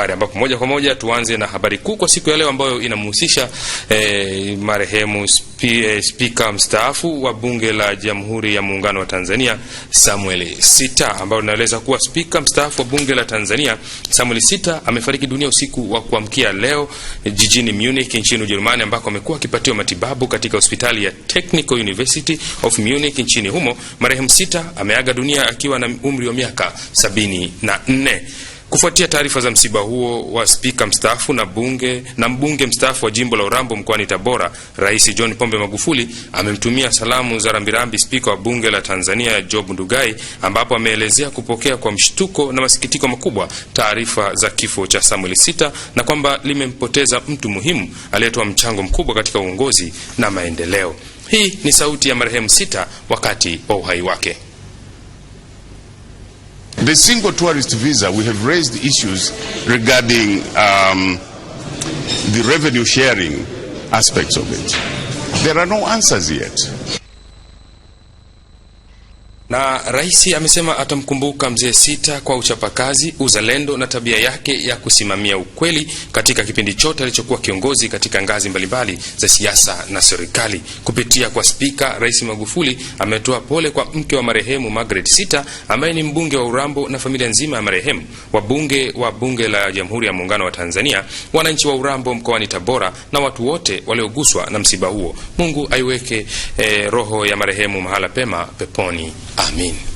Habari ambapo moja kwa moja tuanze na habari kuu kwa siku ya leo ambayo inamhusisha eh, marehemu spi, eh, spika mstaafu wa bunge la Jamhuri ya Muungano wa Tanzania Samuel Sita, ambayo inaeleza kuwa spika mstaafu wa bunge la Tanzania Samuel Sita amefariki dunia usiku wa kuamkia leo jijini Munich nchini Ujerumani, ambako amekuwa akipatiwa matibabu katika hospitali ya Technical University of Munich nchini humo. Marehemu Sita ameaga dunia akiwa na umri wa miaka 74 Kufuatia taarifa za msiba huo wa spika mstaafu na bunge na mbunge mstaafu wa jimbo la Urambo mkoani Tabora, Rais John Pombe Magufuli amemtumia salamu za rambirambi spika wa bunge la Tanzania Job Ndugai, ambapo ameelezea kupokea kwa mshtuko na masikitiko makubwa taarifa za kifo cha Samuel Sita na kwamba limempoteza mtu muhimu aliyetoa mchango mkubwa katika uongozi na maendeleo. Hii ni sauti ya marehemu Sita wakati wa uhai wake. The single tourist visa, we have raised issues regarding um, the revenue sharing aspects of it. There are no answers yet. Na rais amesema atamkumbuka mzee Sita kwa uchapakazi, uzalendo na tabia yake ya kusimamia ukweli katika kipindi chote alichokuwa kiongozi katika ngazi mbalimbali za siasa na serikali. Kupitia kwa Spika, Rais Magufuli ametoa pole kwa mke wa marehemu Margaret Sita ambaye ni mbunge wa Urambo na familia nzima ya marehemu. Wabunge wa Bunge la Jamhuri ya Muungano wa Tanzania, wananchi wa Urambo mkoani Tabora na watu wote walioguswa na msiba huo. Mungu aiweke eh, roho ya marehemu mahala pema peponi. Amen.